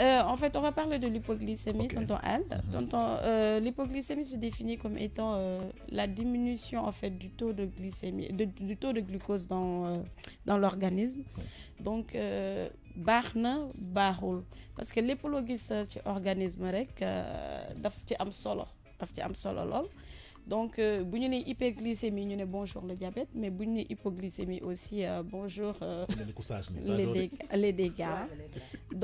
Euh, en fait, on va parler de l'hypoglycémie, tonton mhm. euh, l'hypoglycémie se définit comme étant euh, la diminution en fait du taux de glycémie, du taux de glucose dans, dans l'organisme. Donc, barne, na parce que l'hypoglycémie, c'est un ci organisme rek daf am solo donc euh, bu hyperglycémie ñu bonjour le diabète mais si ñu hypoglycémie aussi euh, bonjour euh, les dégâts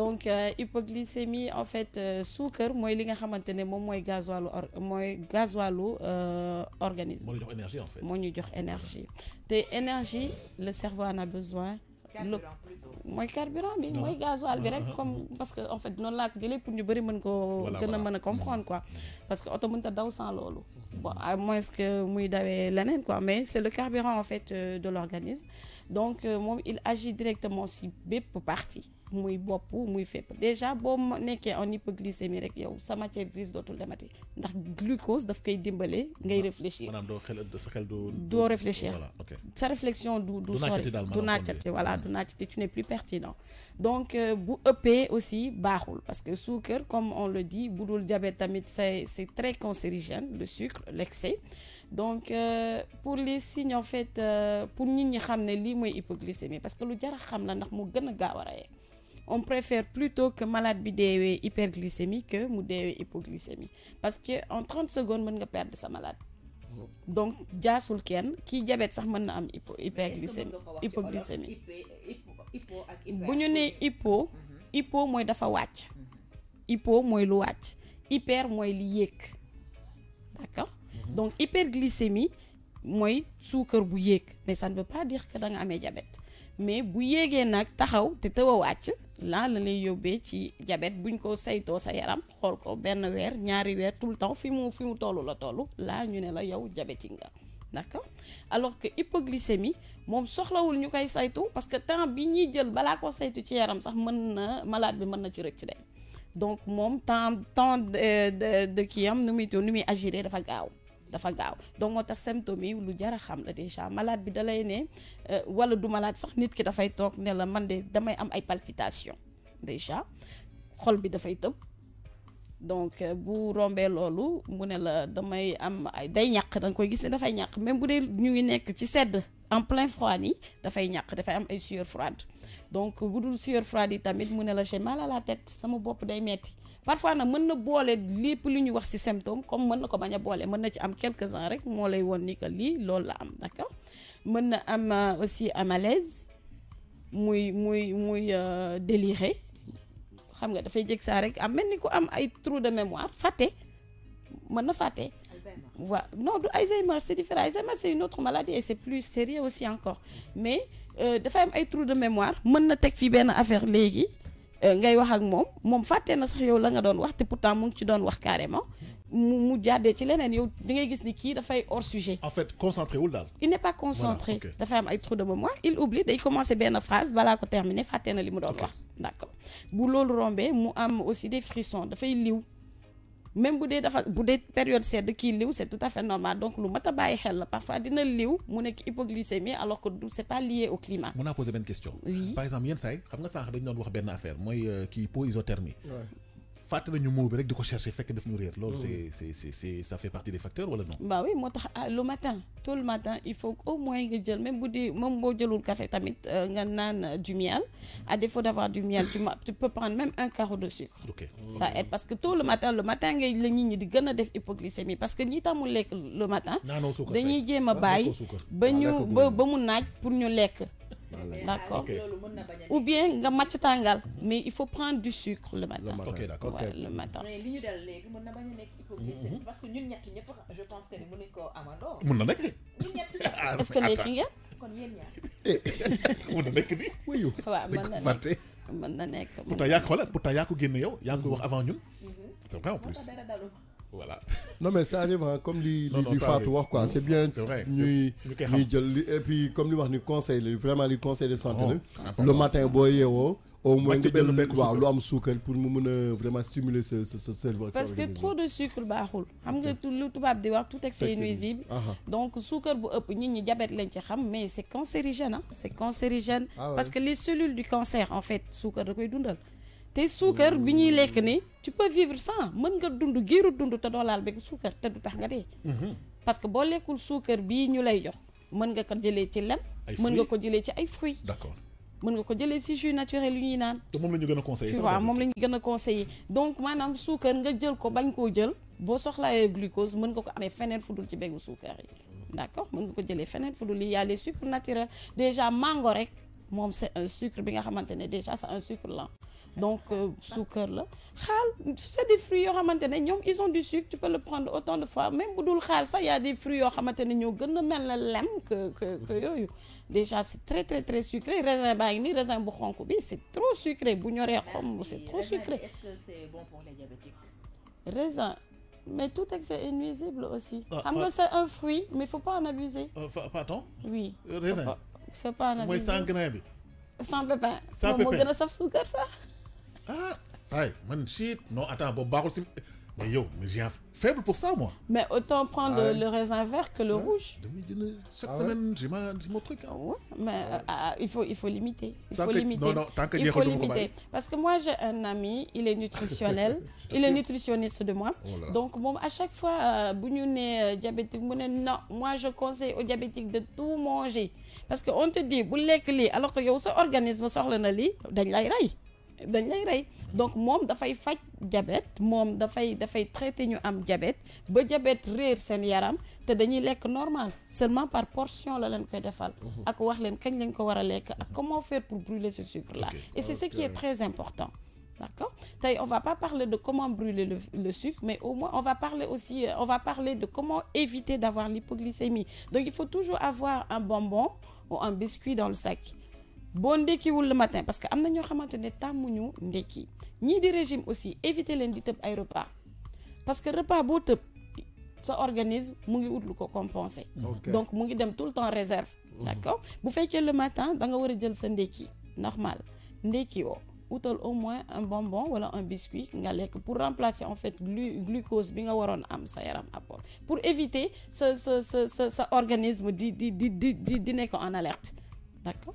donc hypoglycémie en fait sucre, mooy li nga xamante ne moom mooy gasoilu mooy euh, organisme fait fait, jox énergie de énergie le cerveau en a besoin carburant plutôt carburant bi mooy gasoil bi rek comme parce que en fait non laa ko jëlee pour ñu bari mën ko gën a comprendre quoi mm. parce que mën ta daw sans loolu bon à moins que muy dawé leneen quoi mais c'est le carburant en fait euh, de l'organisme donc euh, mom il agit directement si bépp partie muy bopp muy fépp déjà boo nekkee en hypoglycémie rek yow sa matière grise dootul demati ndax glucose daf koy dimbale. ngay réfléchir maanaam doo xel sa xel du. doo réfléchir sa réflexion du du sori du naajati voilà mm. du naajati tu n'es plus pertinent. donc euh, bu ëppee aussi baaxul parce que sucre comme on le dit bu dul diabète tamit c'est c'est très cancérigène le sucre l'excès donc euh, pour les signes en fait euh, pour nit ñi xam ne lii mooy hypoglycémie parce que lu jar a xam la ndax mu gën a gaaw a on préfère plutôt que malade bi déwé hyperglycémie que mu déwé hypoglycémie parce que en 30 secondes mën nga perdre sa malade donc jaasul kenn ki diabète sax mën na am hypo hyperglycémie hypoglycémie bu ñu hypo mhm. hypo mooy dafa wàcc mhm. hypo mooy lu wàcc hyper mooy li yéeg d'accord mhm. donc hyperglycémie mooy sucre bu yéeg mais ça ne veut pas dire que da nga amee diabète mais bu yéegee nag taxaw te laa la lay yóbbee ci diabète buñ ko sayto sa yaram xol ko ben wèr ñaari wèr tout le temps fi mu fi mu toll la toll laa ñu né la yow diabétique nga d'accord alors que hypoglycémie mom soxlawul ñukay saytu parce que temps bi ñi jël bala ko saytu ci yaram sax mën na malade bi mën na ci rëcc dé donc mom temps temps de de kii am nu muy nu agiré dafa gaaw. dafa gaaw donc moo tax symptômes yi lu jar a xam la déjà malaat bi dalay ne euh, wala du malaat sax nit ki dafay toog ne la man de damay am ay palpitations déjà xol bi dafay tëb donc euh, bu rombee loolu mu ne la damay am ay day ñaq da koy gis ne dafay ñàq même bu dee ñu ngi nekk ci sedd en plein froid dafay ñàq dafay am ay sueur froide donc bu dul sueur froide yi tamit mu ne la j'ai mal la tête sama bopp day metti parfois nag mën na boole lépp lu ñuy wax ci symptôme comme mën na ko bañ a boole mën na ci am quelques-uns rek moo lay won ni que lii loolu la am d'accord mën na am euh, aussi un malaise muy muy muy euh, déliré xam nga dafay jég saa rek am mel ni ku am ay trou de mémoire faté, mën na fàtte non du Alzheimer c'est différent Alzheimer c'est une autre maladie et c'est plus sérieux aussi encore mais euh, dafay am ay trou de mémoire mën na teg fii benn affaire léegi ngay wax ak moom moom fàtte na sax yow la nga doon wax te pourtant mu ngi ci doon wax carrément mu mu jàddee ci leneen yow da ngay gis ni kii dafay hors sujet. en fait concentré wul daal. il n'est pas concentré dafay am ay trou de mémoire il oublie day commencer benn phrase balaa ko terminer fàtte na li mu doon wax. d'accord bu loolu rombee mu am aussi des frissons dafay liw même bu dee dafa bu période de qui liw c'est tout à fait normal donc lu mata a xel parfois dina liw mu hypoglycémie alors que c'est n'est pas lié au climat. on a poser une question. oui par exemple yenn y xam nga sànq dañu doon wax à affaire mooy qui euh, pose isothermie fàtte nañu mot bi rek di ko chercher fekk daf ñu réer loolu c'est c'est c'est ça fait partie des facteurs wala non bah oui moi ah, le matin tout le matin il faut au moins nga jël même bu même moom boo café tamit euh, nga naan euh, du miel à défaut d'avoir du miel tu tu peux prendre même un carreau de sucre okay. ça aide parce que tout le matin le matin les la nit di def hypoglycémie parce que ni tamul lekk le matin dañuy jéem ma ah, bàyyi ba ah, ñu ba ba mu pour ñu lekk d'accord ou bien mais il faut prendre du sucre le matin. ok d'accord le matin. est-ce que vous kon eh, oui avant mhm. c'est en plus voilà non mais ça arrive hein, comme li li tu quoi c'est bien C'est vrai. et puis comme nous wax ni conseil vraiment les conseil de santé oh, le matin boo au moins tu peux le mettre à am sucre pour vraiment stimuler ce ce cerveau parce que trop de sucre baaxul xam tout lu tubaab tout excès est nuisible donc sucre bu vous nit diabète mais c'est cancérigène hein. c'est cancérigène ah parce que les cellules du cancer en fait sucre da koy dundal te suukar biñuy ñuy ni tu peux vivre sans mën nga dund giru dund ta do laal beeg sucre te du tax nga dee mhm. parce que bo lekul sucre bi ñu lay jox mën nga ko jëlé ci lem mën nga ko jëlé ci ay fruits d'accord mën nga ko jëlé ci jus naturel yu ñuy naan te moom la ñu gën a conseillé waaw moom la ñu gën donc manam sucre nga jël ko bañ ko jël boo soxlaayee glucose mën nga ko amé feneen fudul ci beegu sucre yi d'accord mën nga ko jëlé feneen fudul li ya les sucres naturels déjà mango rek mom c'est un sucre bi nga xamante déjà c'est un sucre lent donc euh, sucre là c'est des fruits yo ils ont du sucre tu peux le prendre autant de fois même bu khal ça il y a des fruits yo xamantene ne ñoo mel lem que que que déjà c'est très très très sucré raisin raisin bu c'est trop sucré bu ñoré xom c'est trop sucré. est-ce que c'est bon pour les diabétiques? raisin mais tout excès est nuisible aussi. Ah, c'est un fruit mais il ne faut pas en abuser. Euh, pardon. oui raisin faut pas en abuser C'est sans grain sans pépin. sans pépin sans sucre, ça ah ça y est man shit non attends bon, baaxul mais yo, mais j'ai un faible pour ça moi. mais autant prendre le, raisin vert que le rouge. chaque ah semaine ouais. j'ai mon truc. Hein. Oui, mais euh, euh, il faut il faut limiter. Il faut limiter. Non non tant que il faut limiter parce que moi j'ai un ami il est nutritionnel il est nutritionniste de moi. Oh donc à chaque fois si euh, diabétique non moi je conseille aux diabétiques de tout manger parce qu'on te dit bu lekk lii alors que yow aussi organisme soxla na lii dañ dañ lay rey donc moom dafay faj diabète moom dafay dafay traité ñu am diabète ba diabète réer seen yaram te dañuy normal seulement par portion la leen koy defal mhm. ak wax leen lañ ko comment faire pour brûler ce sucre là et c'est ce qui est très important D'accord on va pas parler de comment brûler le, le, sucre, mais au moins on va parler aussi, euh, on va parler de comment éviter d'avoir l'hypoglycémie. Donc il faut toujours avoir un bonbon ou un biscuit dans le sac boo ndékkiwul le matin parce que amna ñoo xamantene ne tàmmuñu ndékki ñii di régime aussi éviter leen di tëb ay repas parce que repas bo tëb sa organisme mu ngi ut lu ko compenser donc mu ngi dem tout le temps réserve mhm. d'accord bu fekkee le matin da nga wara jël sa ndékki normal ndékki wo outal au moins un bonbon wala un biscuit nga lek pour remplacer en fait glu glucose bi nga waroon am sa yaram apport pour éviter ce ce ce sa organisme di di di di di nekk en alerte d'accord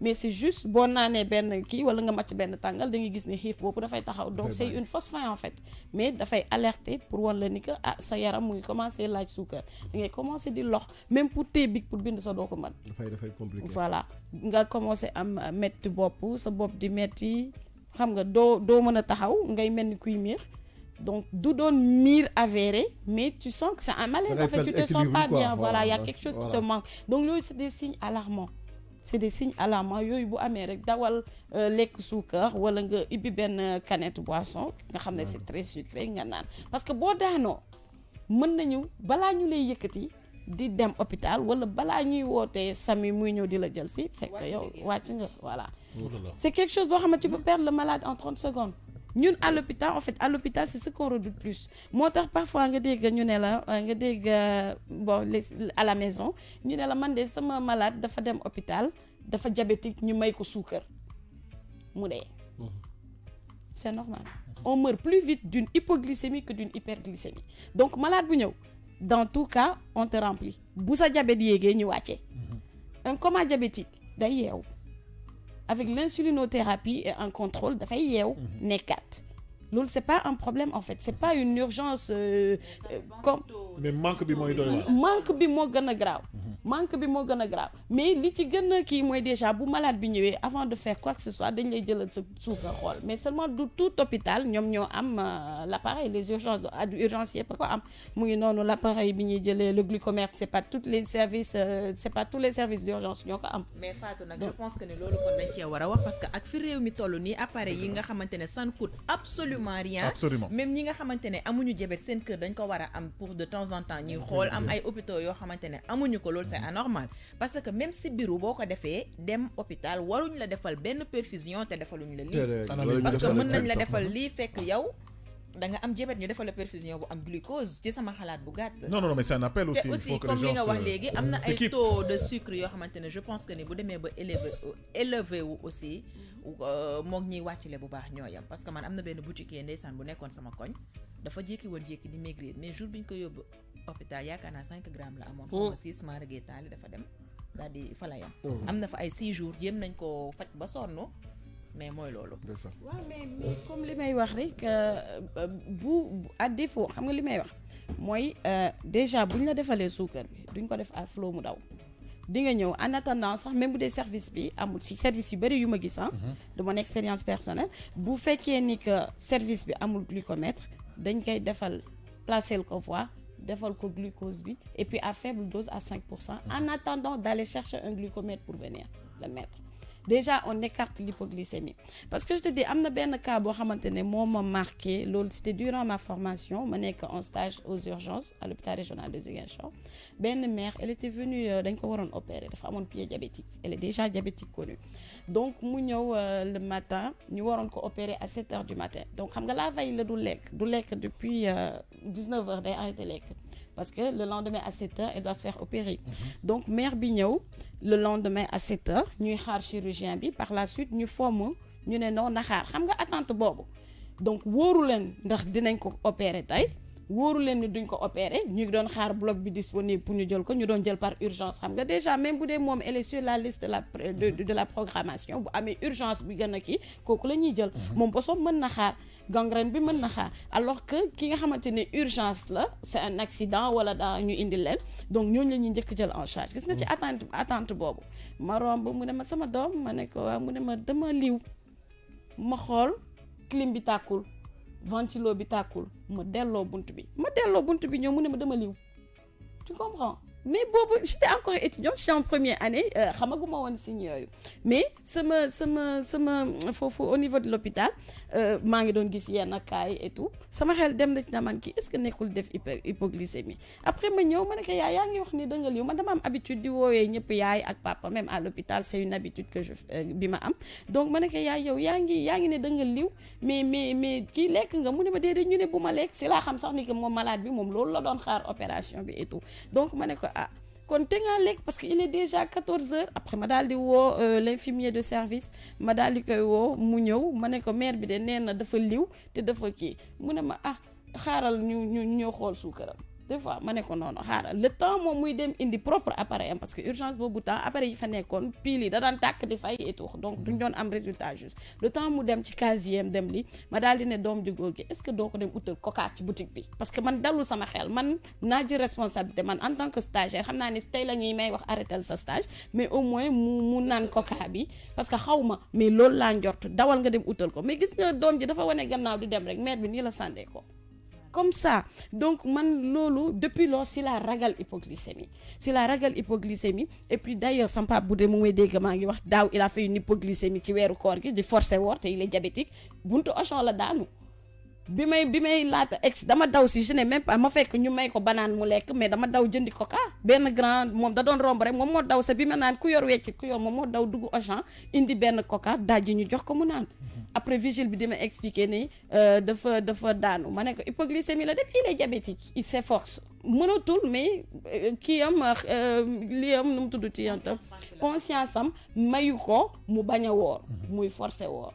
mais c'est juste bonne année ben qui wala nga match ben tangal da ngay ni xif xiif da fay taxaw donc c'est une fausse faim en fait mais fay alerter pour won la ni que ah sa yaram mu ngi commencé laaj suukar da ngay commencer di lox même pour tee big pour bind sa man da fay da fay compliqué voilà nga commencer am euh, metti bopp sa bopp di metti xam nga do do meuna taxaw ngay melni kuy miir donc du donne mire avéré mais tu sens que c'est un malaise en fait tu te sens pas bien voilà il y a quelque chose qui te manque donc nous c'est des signes alarmants c'est des signes alarmants yooyu bu amé rek dawal euh, lek sucre wala nga ibi ben canette boisson nga xamné c'est très sucré nga Nan parce que bo dano mën nañu bala ñu lay yëkëti di dem hôpital wala bala ñuy woté sami muy ñëw di la jël ci fekk yow wacc nga voilà oh c'est quelque chose bo xamné tu peux perdre le malade en 30 secondes nous à l'hôpital en fait à l'hôpital c'est ce qu'on redoute plus moi parfois nga dégg ñu né la euh, nga euh, bon à la maison ñu né la man de sama malade dafa dem hôpital dafa diabétique ñu may ko sucre mm-hmm. c'est normal on meurt plus vite d'une hypoglycémie que d'une hyperglycémie donc malade bu tous dans tout cas on te remplit bu sa diabète yégué ñu as mm-hmm. un coma diabétique day avec l'insulinothérapie et un contrôle la faillite 4 loolu c'est pas un problème en fait c'est pas une urgence euh, euh, comme mais manque bi mooy doy manque bi moo gën grave manque bi grave mais li ci gën a déjà bu malade bi avant de faire quoi que ce soit dañ lay jëlal sa suuf mais seulement du tout hôpital ñoom ñoo euh, l'appareil les urgences du urgencier ba non l'appareil bi le glucomètre c'est pas tous les services c'est pas tous les services d'urgence mais Fatou je pense que nous loolu kon wax parce que ak fi réew mi toll nii appareil yi nga coûte absolument absolument même ni nga xamante ne amuñu jabet seen kër dañ ko war am pour de temps en temps ñuy xool am ay hôpitaux yo xamante ne amuñu ko loolu c'est mm. anormal parce que même si biiru boo ko defee dem hôpital waruñ la defal ben perfusion te defaluñ la lii parce que mën nañ la defal lii fekk yow da nga am jébet ñu defal la perfusion bu am glucose ci sama xalaat bu gàtt. non non mais c'est un appel aussi. il faut que comme li nga wax léegi am na ay taux de sucre yoo xamante ne je pense que ni bu demee ba élevé élevé wu aussi mm-hmm. euh, moog ñiy wàccale bu baax ñoo parce que man am na benn boutique yee ndeysaan bu nekkoon sama koñ dafa jékki woon jékki di maigrir mais jour bi ñu ko yóbbu hôpital yaakaar naa 5 grammes la amoon. xaw ma 6 maa regee dafa dem daal di fa la yam. Mm. am na fa ay 6 jours jéem nañ koo faj ba sonn mais moi ça waaw mais mais comme limay wax rek euh, bu à défaut xam nga limay wax moy euh, déjà buñ la défalé sucre, bi duñ ko def à flot mu daw di nga ñëw en attendant sax même bu des services bi amul ci service yu bari yu ma gis hein, mhm. de mon expérience personnelle bu fekkee ni que service bi amul glucomètre dañ koy defal placer le convoi défaut le glucose bi et puis à faible dose à 5 mhm. en attendant d'aller chercher un glucomètre pour venir le mettre déjà on écarte l'hypoglycémie parce que je te dis amna ben cas bo marqué c'était durant ma formation on était en stage aux urgences à l'hôpital régional de Ziguinchor benn mère elle était venue euh, ko opérer diabétique elle est déjà diabétique connue donc mu euh, le matin ñu allons ko opérer à 7 h du matin donc xam nga la veille la depuis 19 euh, h day arrêté parce que le lendemain à 7 h elle doit se faire opérer mhm. donc mère bi le lendemain à 7 heures ñuy xaar chirurgien par la suite ñu formons ñu ne non na xaar xam nga attente boobu donc wóoru leen ndax dinañ ko opérer wóoru leen ni duñ ko opéré ñu ngi doon xaar bloc bi disponible pour ñu jël ko ñu doon jël par urgence xam nga déjà même bu dee moom elle est sur la liste de la de, de la programmation bu amee urgence bi gën a kii kooku la ñuy jël mhm. moom bosoom mën na xaar gangrène bi mën na xaar alors que ki nga xamante ne urgence la c'est un accident wala daa ñu indi leen donc ñooñu la ñuy njëkk jël en charge gis nga ci mhm. attente attente boobu ma romb mu ne ma sama doom ma ne ko waaw mu ne ma dama liw ma xool clim bi tàkkul ventilo bi tàkkul ma delloo bunt bi ma delloo bunt bi ñoom mu ne ma dama liw tu comprends mais boobu j'étais encore étudiant j'étais en première année euh, xamaguma woon signe yooyu mais sama sama sama fofu au niveau de l'hôpital euh, maa ngi doon gis yenn kaay et tout sama xel dem na ci na man kii est-ce que nekkul def hypoglycémie après ma ñëw ma ne ko yaay yaa ngi wax ni dëngal yow man dama am habitude di woowee ñëpp yaay ak papa même à l'hôpital c'est une habitude que je euh, bi ma am donc ma ne ko yaay yow yaa ngi yaa ngi ne dëngal liw mais mais mais kii lekk nga mu ne ma déedéet ñu ne bu ma lekk si laa xam sax ni que moom malade bi moom loolu la doon xaar opération bi et tout donc ma kon te ngaa parce que il est déjà 14 heures après ma daal wo euh, l'infirmier de service ma daal di koy woo mu ñew mané ko mère bi de néna dafa liw té dafa ki mu ne ma ah xaaral ñu ñu ñoo xol suukaram des fois mané ko nono le temps moom muy dem indi propre appareil parce que urgence boobu temps appareil yi fa nekkoon pile da dan tak di fay et tout donc duñ don am résultat juste le temps mu dem ci casier dem li ma daal di ne doom du est ce que doko dem outeul coca ci boutique bi. parce que man dalul sama xel man n'a di responsabilité man en tant que stagiaire xamna ni tay la ñuy may wax arrêter sa stage mais au moins mu mu naan coca bi parce que xawma mais l'eau la ndort dawal nga dem outeul ko mais gis nga dom ji dafa wone gannaaw di dem rek mère bi ni la sandé ko comme ça donc man depuis lors c'est la ragal hypoglycémie c'est la ragal hypoglycémie et puis d'ailleurs, sans pas bouder mon dee il a fait une hypoglycémie qui est au corps, forcé il est diabétique buntu Auchan la dame bimay bimay bi ex dama daw si je n'ai même pas ma fekk ñu may ko banane mu lek mais dama daw jëndi coca ben grand mom da don romb rek moom moo daw sa bi ma ku yor wécc ku yor moom moo daw dugu agent indi ben coca dajji ñu jox ko mu nan mhm. après vigile bi di ma expliqué ni euh, dafa dafa daanu ma ne ko hypoglycémie la def il est diabétique il s'efforce mënatul mais euh, ki am euh, li am num tuddu ci yantam conscience am mayu ko mu baña wor mhm. muy forcé wor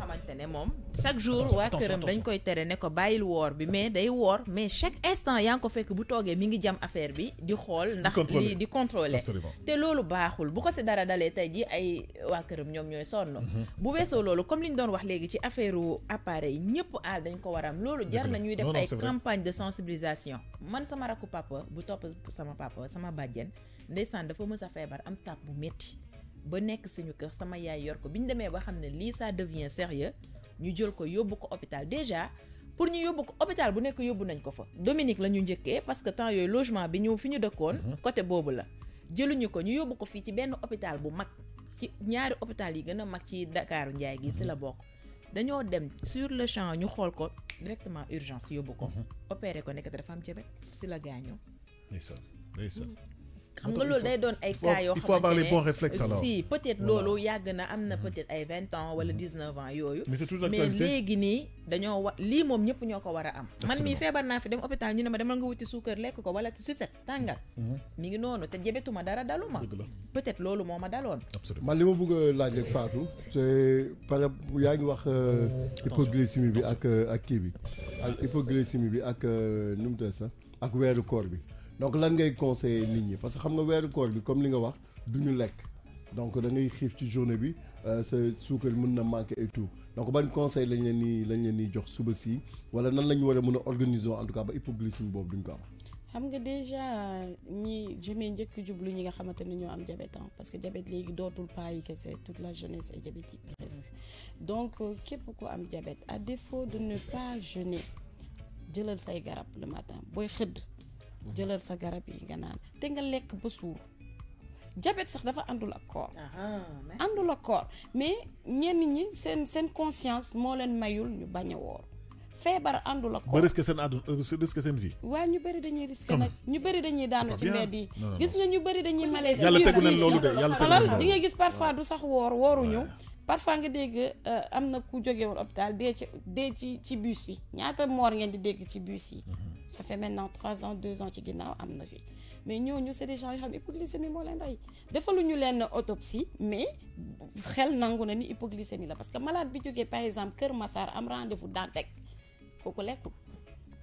xamante moom chaque jour waa këram dañ koy tere ne ko bàyyil woor bi mais day woor mais chaque instant yaa ngi ko fekk bu toogee mi ngi jam affaire bi di xool ndax li di contrôler te loolu baaxul bu ko si dara dalee tey ji ay waa këram ñoom ñooy sonn mhm. bu weesoo loolu comme li ñu doon wax léegi ci affaire appareil ñëpp aal dañ ko waram loolu jar na ñuy def ay campagne de sensibilisation man sama rakku papa bu topp sama papa sama bàjjen ndeysaan dafa mës a feebar am tàpp bu métti ba nekk suñu kër sama yaay yor ko bi ñu demee ba xam ne lii ça devient sérieux ñu jël ko yóbbu ko hôpital déjà pour ñu yóbbu ko hôpital bu nekk yóbbu nañ ko fa Dominique la ñu njëkkee parce que temps yooyu logement bi ñu fi ñu dëkkoon mhm. côté boobu la jëluñu ko ñu yóbbu ko fii ci benn hôpital bu mag ci ñaari hôpital yi gën a mag ci Dakaaru Njaay gi si la mhm. bokk dañoo dem sur le champ ñu xool ko directement urgence yóbbu ko mhm. opéré ko nekk dafa am jabet si la gaañoo xam nga loolu day doon ay cas yoo xamante ne il faut avoir les bons réflexes alors si peut-être loolu yàgg na am na mm-hmm. peut-être ay 20 ans wala 19 mm-hmm. ans yooyu mais léegi nii dañoo wa lii moom ñëpp ñoo ko war a am man mii feebar naa fi dem hôpital ñu ne ma demal nga wuti suukar lekk ko wala sucette tàngal mm-hmm. mi ngi noonu te jebetuma dara daluma. peut-être loolu moo ma daloon man li ma bëgg a laaj rek Fatou te par yaa ngi wax euh, hypoglycémie bi ak euh, ak kii bi ak hypoglycémie bi ak euh, nu mu tudd sax ak weeru koor bi donc lan ngay conseiller nit ñi parce que xam nga weeru koor bi comme li nga wax duñu lekk donc da ngay xiif ci journée bi euh, sa suukar mën na manqué et tout donc ban conseil lañ leen ni lañ leen ni jox suba si wala nan lañ war a mën a organiser en tout cas ba hypoglycémie boobu duñ ko am. xam nga déjà ñi jëmee njëkk jublu ñi nga xamante ne ñoo am diabète hein, parce que diabète léegi dootul pas yi kese toute la jeunesse est diabétique presque donc euh, képp ku am diabète à défaut de ne pas jeûner jëlal say garab le matin booy xëdd. jëlal sa garab yi nga naan te nga lekk ba suur jabet sax dafa àndul ak koor ah, ah, àndul ak koor mais ñenn ñi seen seen conscience moo leen mayul ñu bañ a woor feebar àndul ak koor ba risque seen àdduna euh, risque seen vie waaw ñu bëri dañuy risque nag ñu bëri dañuy daanu ci mbedd yi gis nga ñu bëri dañuy malaise yàlla tegu leen loolu de yàlla tegu di nga gis parfois du sax woor wooruñu parfois nga dégg euh, am na ku jóge woon hôpital dee ci dee ci ci bus bi ñaata moor ngeen di dégg ci bus yi mm-hmm. Ça fait maintenant 3 ans, 2 ans que nous avons vie. Mais nous, nous, c'est des gens qui ont hypoglycémie. Des fois, nous avons une autopsie, mais nous avons une hypoglycémie. Parce que malade, par exemple, cœur a un rendez-vous dans la tech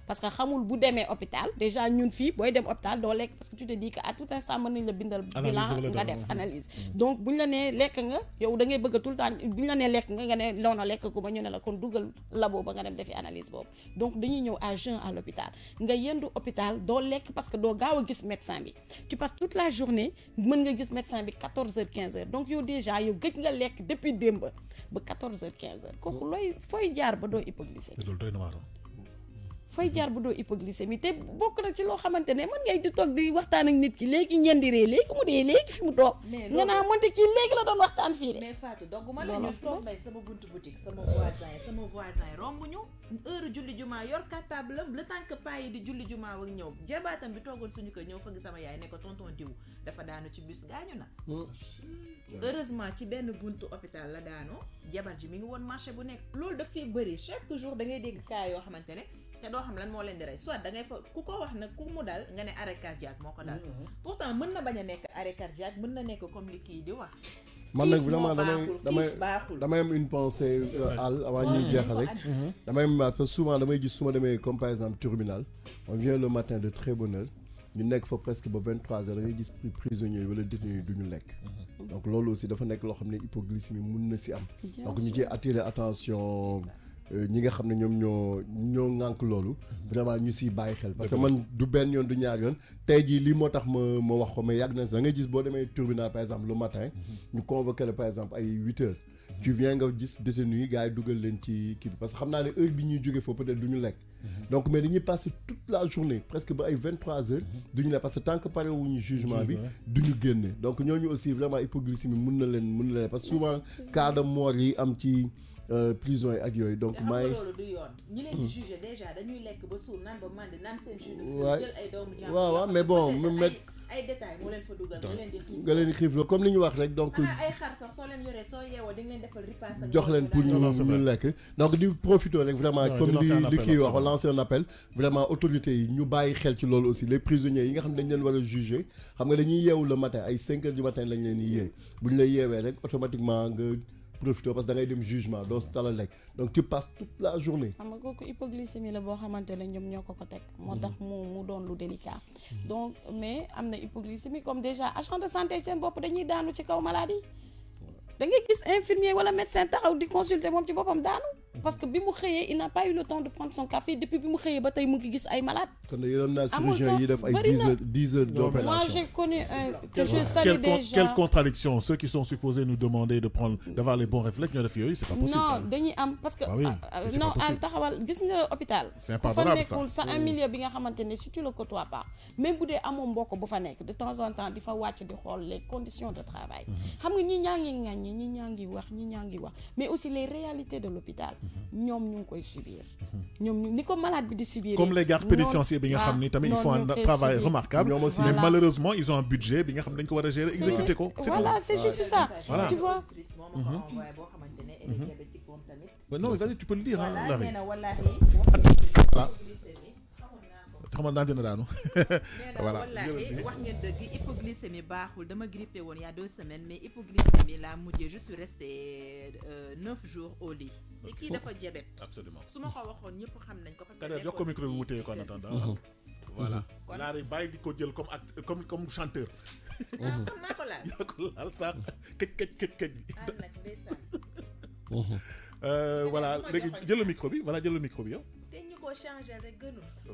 parce que xamul bu démé hôpital déjà ñun fi boy dem hôpital do lekk parce que tu te dis que à tout instant mën nañ la bindal bilan nga def analyse mm. donc buñ la né lekk nga yow da ngay bëgg tout le temps buñ la né lekk nga nga ne non non lekk ko ba ñu né la kon dugal labo ba nga dem défi analyse bob donc dañuy ñëw à jeun à l'hôpital nga yëndu hôpital do lekk parce que do gaaw gis médecin bi tu passes toute la journée mën nga gis médecin bi 14 h 15 h donc yow déjà yow gëj nga lekk depuis démb ba 14 h 15 h kokku loy fooy jaar ba do hypoglycémie fay jaar bu doo hypoglycémie te bokk na ci loo xamante ne mën ngay di toog di waxtaan ak nit ki léegi ngeen di ree léegi mu dee léegi fi mu toog nga naa mënte kii léegi la doon waxtaan fii de mais Fatou ma la ñu toog lay sama buntu boutique sama voisin sama voisin romb ñu heure julli juma yor cartable le temps que paa yi di julli juma ak ñëw jarbaatam bi toogoon suñu ko ñëw fëgg sama yaay ne ko tonton diw dafa daanu ci bus gaañu na hmm. Hmm. heureusement ci benn buntu hôpital la daanu jabar ji mi ngi woon marché bu nekk loolu dafay bëri chaque jour da ngay dégg cas yoo xamante ne te doo xam lan moo leen di rey soit da ngay fa ku ko wax nag ku mu dal nga ne arrêt cardiaque moo ko dal. Mm-hmm. pourtant mën na bañ a nekk arrêt cardiaque mën na nekk comme li kii di wax. man nag vraiment damay damay damay am une pensée euh, al avant ñuy jeexal rek mm-hmm. damay am parce que souvent damay gis su ma demee comme par exemple terminal on vient le matin de très bonne heure ñu nekk fa presque ba 23 heures da ngay gis prisonniers wala détenu yi du ñu lekk mm-hmm. donc loolu aussi dafa nekk loo xam ne hypoglycémie mun na si am donc ñu ciy attirer attention euh, ñi nga xam ne ñoom ñoo ñoo ŋànk loolu vraiment ñu siy bàyyi xel parce que man du benn yoon du ñaar yoon tey jii lii moo tax ma ma wax ko mais yàgg na nga gis boo demee tribunal par exemple le matin ñu convoqué la par exemple ay 8 heures tu viens nga gis détenu yi gars yi dugal leen ci kii bi parce que xam naa ne heure bi ñuy jóge foofu peut-être du ñu lekk donc mais dañuy passé toute la journée presque ba ay 23 trois heures du ñu lekk parce que tant que pare wuñu jugement bi du ñu génne donc ñooñu aussi vraiment hypoglycémie mun na leen mun na leen parce que souvent cas de mort yi am ci euh, prison yi ak yooyu donc maay ñi leen di hmm. déjà dañuy lekk ba suur naan ba màndi naan seen jus jël ay doomu jàmm waaw waaw mais bon mu mekk ay détails moo leen fa dugal nga leen di xiif nga leen di xiif comme li ñu wax rek donc ay xar sax soo leen yoree soo yeewoo di leen defal ripaas ak jox leen pour ñu ñu lekk donc di profiter rek vraiment comme li li kii wax lancer un appel vraiment autorité yi ñu bàyyi xel ci loolu aussi les prisonniers yi nga xam ne dañ leen war a juger xam nga dañuy yeewu le matin ay 5 heures du matin lañ leen di yee bu ñu lay yeewee rek automatiquement nga profité parce que da ngay dem jugement doo sala lekk donc tu passes toute la journée. xam nga kooku hypoglycémie la bo xamantene ñom ñoko ko tek motax mhm. mo mu don lu délicat. Mhm. donc mais amna hypoglycémie comme déjà agent de santé seen bop dañuy daanu ci kaw maladie. da ngay gis infirmier wala médecin taxaw di consulter mom ci bopam daanu parce que bi mu xëyee il n'a pas eu le temps de prendre son café depuis bi mu xëyee ba tey mu ngi gis ay malades. kon yoroon naa chirurgien yi def ay 10 heures 10 heures d'opération. moi j'ai connu un que je salue déjà quelle contradiction ceux qui sont supposés nous demander de prendre d'avoir les bons réflexes ñoo def yooyu c'est pas possible. non dañuy am parce que. Bah ah, ah, non al taxawal gis nga hôpital. c'est impardonnable ça fa nekkul sa un million bi nga xamante ne si tu le côtoies pas même bu dee amoo mbokk bu fa nekk de temps en temps di fa wàcc di xool les conditions de travail. Mhm. xam nga ñi ñaa ngi ŋàññi ñi ñaa ngi wax ñi ñaa ngi wax mais aussi les réalités de l'hôpital ñoom ñu ngi koy subir. ñoom ñu ni ko malade bi di subir. comme les gardes pénitentiaires bi nga xam ni tamit ils font un travail remarquable. mais malheureusement ils ont un budget bi nga xam dañ ko war a gérer exécuter ko. c'est tout voilà c'est juste ça. voilà tu vois. Mais non vas-y tu peux le dire hein, voilà, Larry je suis resté euh, neuf jours au lit. absolument voilà comme chanteur. voilà léegi micro bi voilà micro avec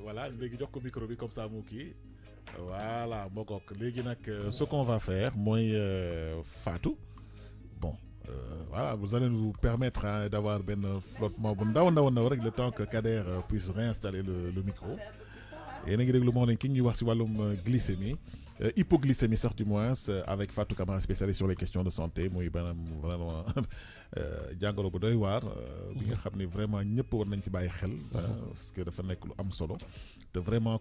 voilà légui jox ko micro comme ça mouki voilà moo les nak ce qu'on va faire moy euh, Fatou bon euh, voilà vous allez nous permettre hein, d'avoir ben flottement Bon, ndaw ndaw ndaw rek le temps que Kader euh, puisse réinstaller le micro et hein. ngi ngi mo Morning King ñuy wax glycémie. Euh, hypoglycémie du moins euh, avec Fatou Kamara spécialiste sur les questions de santé Je vraiment euh, doy vraiment ñëpp parce que am solo. vraiment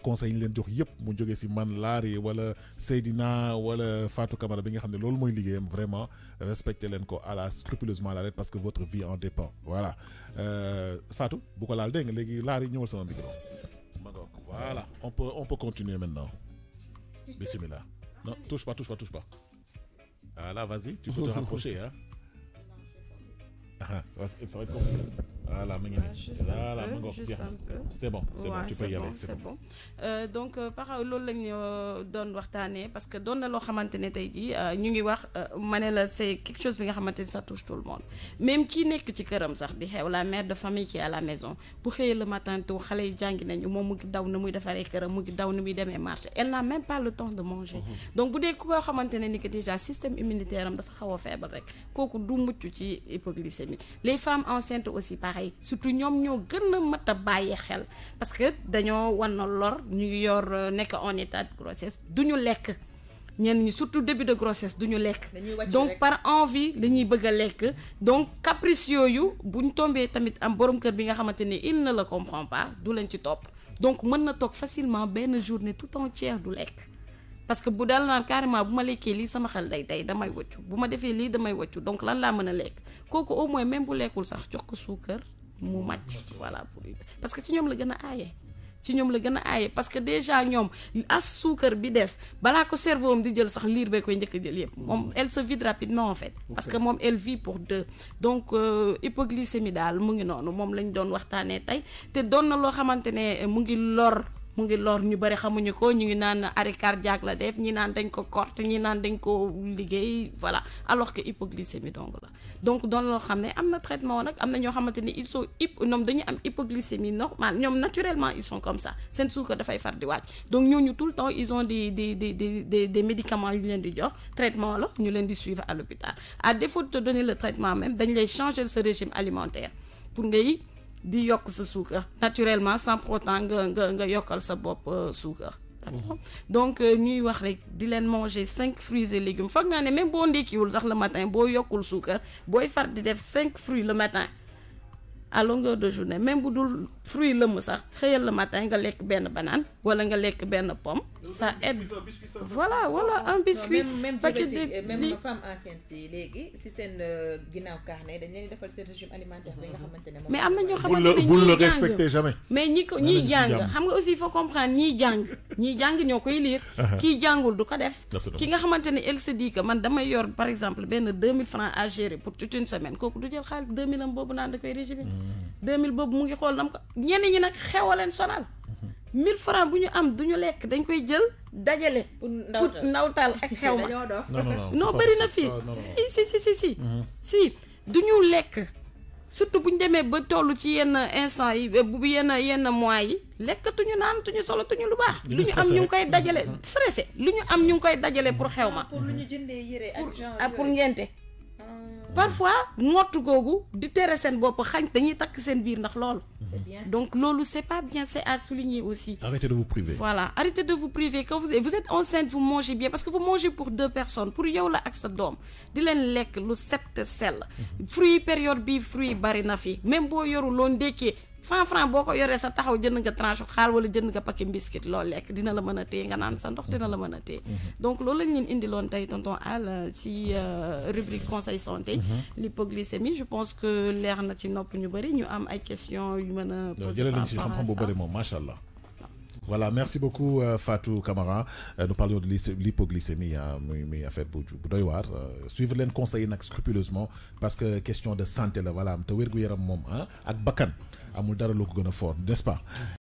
man Seydina wala Fatou bi nga vraiment scrupuleusement parce que votre vie en dépend voilà Fatou bu ko laal micro. voilà on peut on peut continuer maintenant. Bismillah. Non, touche pas, touche pas, touche pas. Ah là, vas-y, tu peux te rapprocher. Hein. Ah, ça va, ça va être compliqué. Voilà, voilà, c'est bon, c'est bon, tu peux y aller. C'est bon. Euh, donc, euh, par loolu lañ euh, doon parce que doon lo loo xamante ne ñu ngi wax manela c'est quelque chose bi nga xamante ça touche tout le monde même qui nek ci këram sax di xew la mère de famille qui est à la maison bu xëyee le matin tout xalé yi jàngi nañu moom mu ngi daw na muy défaré këram mu ngi daw na muy démé marché elle n'a même pas le temps de manger. Mhm. donc bu dee ku ni que déjà système immunitaire am dafa xaw a faible rek kooku du muccu ci hypoglycémie les femmes enceintes aussi pareil surtout ñom ñoo xel parce que dañoo wan euh, en état de grossesse début de grossesse donc par envie la ñuy bëgg donc caprice yooyu nous tamit am borom kër il ne le comprend pas du leen ci donc facilement une journée tout entière du parce que bu dal carrément sama day day donc lan au moins même mu match voilà pour parce que ci ñom la gëna a tu ci ñom la gëna a parce que déjà ñom as suukar bi dess bala ko cerveau di jël sax lire be koy ñëk a jël yépp mom elle se vide rapidement en fait parce que m'om elle vit pour deux donc euh, hypoglycémie dal mu ngi nonu mom lañ doon waxtaanee tay té doon na à maintenir mu ngi lor mu ngi lor ñu bari xamuñu ko ñu ngi naan arrêt cardiaque la def ñi naan dañ ko corte ñi naan dañ ko liggéey voilà alors que hypoglycémie donc la donc doon loo xam ne am na traitement nag am na ñoo xamante ni ils sont hyp ñoom dañu am hypoglycémie normal ñoom naturellement ils sont comme ça seen suukar dafay far di wàcc donc ñooñu tout le temps ils ont des des des des des médicaments yu leen di jox traitement la ñu leen di suivre à l'hôpital à défaut de te donner le traitement même dañ lay changer ce régime alimentaire pour ngay di yok sa suukar naturellement sans pour autant nga nga nga yokkal sa bopp euh, sucre donc euh, ñuy wax rek di len manger cinq fruits et légumes foog naa ne même boo ndékkiwul sax le matin bo yokul suukar boy far di def cinq fruits le matin à longueur de journée même bu fruit sax le matin nga ben banane, wala nga pomme ça aide voilà voilà un biscuit même les euh, femmes si euh, carnet dañ leen defal mais vous le respectez jamais mais aussi il faut comprendre lire uh-huh. du ko def ki nga elle se dit que man yor par exemple Vous 2000 francs à gérer pour toute une semaine du jël 2000 am da koy 2000 boobu mu ngi xool nam ko ñenn ñi nag xew a leen sonal. 1000 francs bu ñu am du ñu lekk dañ koy jël dajale. pour ndawtal ak xew ma non bëri na fii si si si si mm-hmm. si. du ñu lekk surtout bu ñu demee ba toll ci yenn instant yi bu yenn yenn mois yi. lekkatuñu naanatuñu solatuñu lu baax. lu ñu am ñu ngi koy dajale mm-hmm. stressé. lu ñu am ñu ngi koy dajale pour xew ma. pour lu ñu jëndee yére ak pour ah, ngente. parfois ngottu gogou di téré sen qui xañ dañuy tak sen bir ndax bien donc ce c'est pas bien C'est à souligner aussi. arrêtez de vous priver. voilà arrêtez de vous priver quand vous êtes enceinte vous mangez bien parce que vous mangez pour deux personnes pour yow la ak sa dom di len lek lu sept sel mhm. fruits période les fruits bari même bo yoru lon cent franc boko yoré sa taxaw jënd nga tranche xal wala jënd nga paquet biscuit loolu lekk dina la mëna té nga nan sa ndox dina la mëna té mhm. donc loolu lañ indi lon tay tonton Al euh, ci euh, rubrique conseil santé mhm. l'hypoglycémie je pense que l'air na ci nopp ñu bari ñu am ay questions yu mëna poser jëlee nañ si xam-xam bu bëri moom macha Voilà, merci beaucoup euh, Fatou Camara. Euh, nous parlions de l'hypoglycémie, hein, mais, en fait, Boudoyouar. Euh, suivez les conseils scrupuleusement parce que question de santé, là, voilà, je suis bakan. amul dara loo ko gën a fort n'est-ce pas